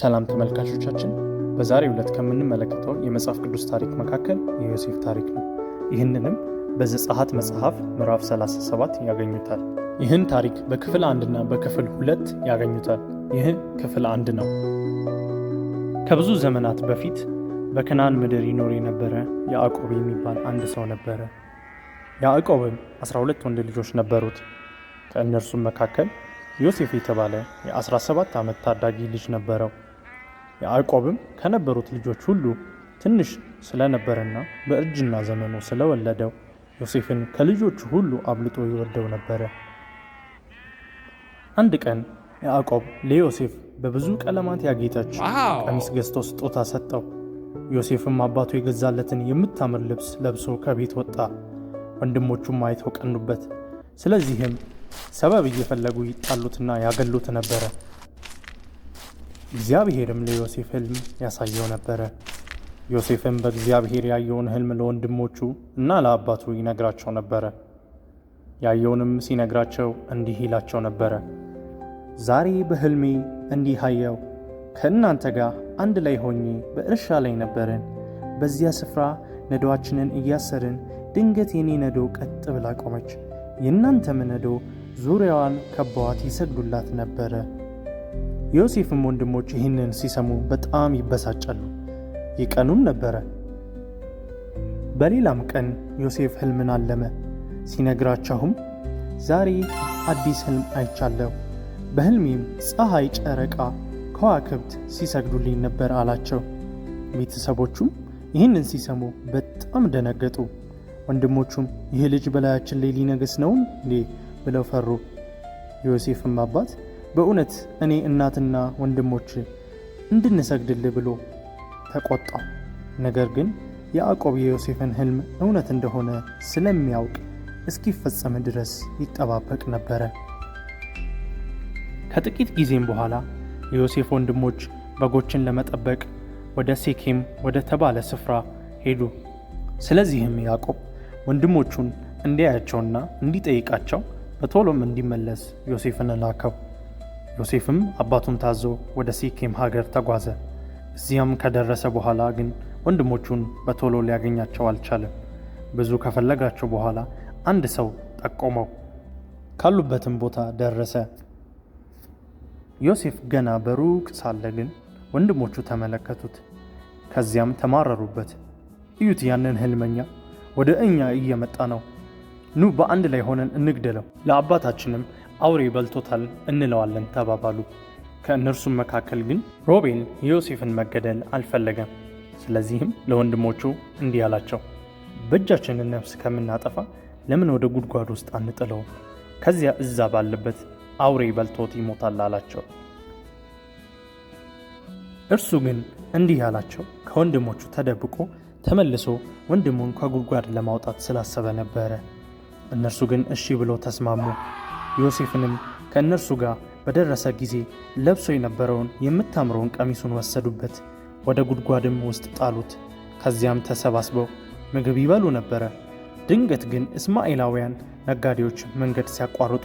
ሰላም ተመልካቾቻችን፣ በዛሬው ዕለት ከምንመለከተው የመጽሐፍ ቅዱስ ታሪክ መካከል የዮሴፍ ታሪክ ነው። ይህንንም በዘጸአት መጽሐፍ ምዕራፍ 37 ያገኙታል። ይህን ታሪክ በክፍል አንድና በክፍል ሁለት ያገኙታል። ይህ ክፍል አንድ ነው። ከብዙ ዘመናት በፊት በከናን ምድር ይኖር የነበረ ያዕቆብ የሚባል አንድ ሰው ነበረ። ያዕቆብም 12 ወንድ ልጆች ነበሩት። ከእነርሱም መካከል ዮሴፍ የተባለ የ17 ዓመት ታዳጊ ልጅ ነበረው። ያዕቆብም ከነበሩት ልጆች ሁሉ ትንሽ ስለነበረና በእርጅና ዘመኑ ስለወለደው ዮሴፍን ከልጆቹ ሁሉ አብልጦ ይወደው ነበረ። አንድ ቀን ያዕቆብ ለዮሴፍ በብዙ ቀለማት ያጌጠች ቀሚስ ገዝቶ ስጦታ ሰጠው። ዮሴፍም አባቱ የገዛለትን የምታምር ልብስ ለብሶ ከቤት ወጣ። ወንድሞቹም አይተው ቀኑበት። ስለዚህም ሰበብ እየፈለጉ ይጣሉትና ያገሉት ነበረ። እግዚአብሔርም ለዮሴፍ ህልም ያሳየው ነበረ። ዮሴፍም በእግዚአብሔር ያየውን ህልም ለወንድሞቹ እና ለአባቱ ይነግራቸው ነበረ። ያየውንም ሲነግራቸው እንዲህ ይላቸው ነበረ፣ ዛሬ በህልሜ እንዲህ አየው፣ ከእናንተ ጋር አንድ ላይ ሆኜ በእርሻ ላይ ነበርን። በዚያ ስፍራ ነዶዋችንን እያሰርን፣ ድንገት የኔ ነዶ ቀጥ ብላ ቆመች፣ የእናንተም ነዶ ዙሪያዋን ከበዋት ይሰግዱላት ነበረ። ዮሴፍም ወንድሞች ይህንን ሲሰሙ በጣም ይበሳጫሉ፣ ይቀኑም ነበረ። በሌላም ቀን ዮሴፍ ሕልምን አለመ። ሲነግራቸውም ዛሬ አዲስ ሕልም አይቻለሁ፣ በህልሜም ፀሐይ፣ ጨረቃ፣ ከዋክብት ሲሰግዱልኝ ነበር አላቸው። ቤተሰቦቹም ይህንን ሲሰሙ በጣም ደነገጡ። ወንድሞቹም ይህ ልጅ በላያችን ላይ ሊነግስ ነውን እንዴ ብለው ፈሩ። ዮሴፍም አባት በእውነት እኔ እናትና ወንድሞች እንድንሰግድልህ ብሎ ተቆጣው። ነገር ግን ያዕቆብ የዮሴፍን ሕልም እውነት እንደሆነ ስለሚያውቅ እስኪፈጸም ድረስ ይጠባበቅ ነበረ። ከጥቂት ጊዜም በኋላ የዮሴፍ ወንድሞች በጎችን ለመጠበቅ ወደ ሴኬም ወደ ተባለ ስፍራ ሄዱ። ስለዚህም ያዕቆብ ወንድሞቹን እንዲያያቸውና እንዲጠይቃቸው በቶሎም እንዲመለስ ዮሴፍን ላከው። ዮሴፍም አባቱን ታዞ ወደ ሲኬም ሀገር ተጓዘ። እዚያም ከደረሰ በኋላ ግን ወንድሞቹን በቶሎ ሊያገኛቸው አልቻለም። ብዙ ከፈለጋቸው በኋላ አንድ ሰው ጠቆመው፣ ካሉበትም ቦታ ደረሰ። ዮሴፍ ገና በሩቅ ሳለ ግን ወንድሞቹ ተመለከቱት፣ ከዚያም ተማረሩበት። እዩት፣ ያንን ህልመኛ ወደ እኛ እየመጣ ነው፣ ኑ በአንድ ላይ ሆነን እንግደለው፣ ለአባታችንም አውሬ በልቶታል እንለዋለን ተባባሉ። ከእነርሱም መካከል ግን ሮቤን የዮሴፍን መገደል አልፈለገም። ስለዚህም ለወንድሞቹ እንዲህ አላቸው፣ በእጃችንን ነፍስ ከምናጠፋ ለምን ወደ ጉድጓድ ውስጥ አንጥለውም? ከዚያ እዛ ባለበት አውሬ በልቶት ይሞታል አላቸው። እርሱ ግን እንዲህ አላቸው፣ ከወንድሞቹ ተደብቆ ተመልሶ ወንድሙን ከጉድጓድ ለማውጣት ስላሰበ ነበረ። እነርሱ ግን እሺ ብሎ ተስማሙ። ዮሴፍንም ከእነርሱ ጋር በደረሰ ጊዜ ለብሶ የነበረውን የምታምረውን ቀሚሱን ወሰዱበት፣ ወደ ጉድጓድም ውስጥ ጣሉት። ከዚያም ተሰባስበው ምግብ ይበሉ ነበረ። ድንገት ግን እስማኤላውያን ነጋዴዎች መንገድ ሲያቋርጡ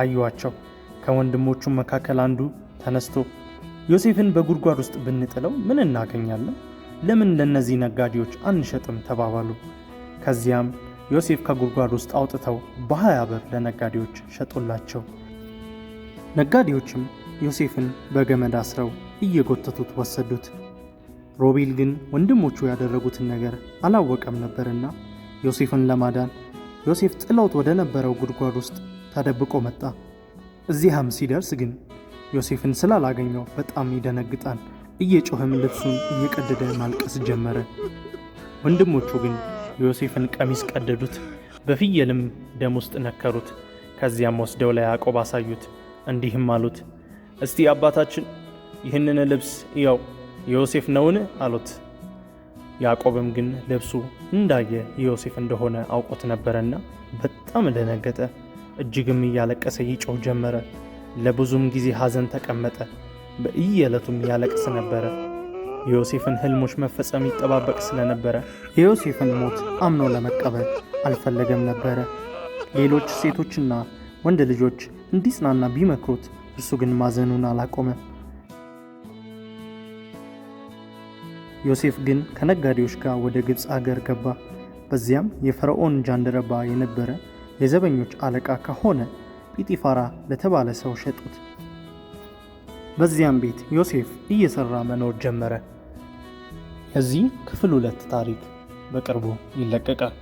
አዩዋቸው። ከወንድሞቹ መካከል አንዱ ተነስቶ ዮሴፍን በጉድጓድ ውስጥ ብንጥለው ምን እናገኛለን? ለምን ለእነዚህ ነጋዴዎች አንሸጥም? ተባባሉ። ከዚያም ዮሴፍ ከጉድጓድ ውስጥ አውጥተው በሀያ ብር ለነጋዴዎች ሸጦላቸው። ነጋዴዎችም ዮሴፍን በገመድ አስረው እየጎተቱት ወሰዱት። ሮቤል ግን ወንድሞቹ ያደረጉትን ነገር አላወቀም ነበርና ዮሴፍን ለማዳን ዮሴፍ ጥለውት ወደ ነበረው ጉድጓድ ውስጥ ተደብቆ መጣ። እዚያም ሲደርስ ግን ዮሴፍን ስላላገኘው በጣም ይደነግጣል። እየጮኸም ልብሱን እየቀደደ ማልቀስ ጀመረ። ወንድሞቹ ግን ዮሴፍን ቀሚስ ቀደዱት፣ በፍየልም ደም ውስጥ ነከሩት። ከዚያም ወስደው ለያዕቆብ አሳዩት፣ እንዲህም አሉት፣ እስቲ አባታችን ይህንን ልብስ ያው ዮሴፍ ነውን? አሉት። ያዕቆብም ግን ልብሱ እንዳየ ዮሴፍ እንደሆነ አውቆት ነበረና በጣም ደነገጠ። እጅግም እያለቀሰ ይጮህ ጀመረ። ለብዙም ጊዜ ሐዘን ተቀመጠ። በእየዕለቱም ያለቅስ ነበረ። የዮሴፍን ህልሞች መፈጸም ይጠባበቅ ስለነበረ የዮሴፍን ሞት አምኖ ለመቀበል አልፈለገም ነበረ። ሌሎች ሴቶችና ወንድ ልጆች እንዲጽናና ቢመክሩት፣ እርሱ ግን ማዘኑን አላቆመም። ዮሴፍ ግን ከነጋዴዎች ጋር ወደ ግብፅ አገር ገባ። በዚያም የፈርዖን ጃንደረባ የነበረ የዘበኞች አለቃ ከሆነ ጲጢፋራ ለተባለ ሰው ሸጡት። በዚያም ቤት ዮሴፍ እየሰራ መኖር ጀመረ። የዚህ ክፍል ሁለት ታሪክ በቅርቡ ይለቀቃል።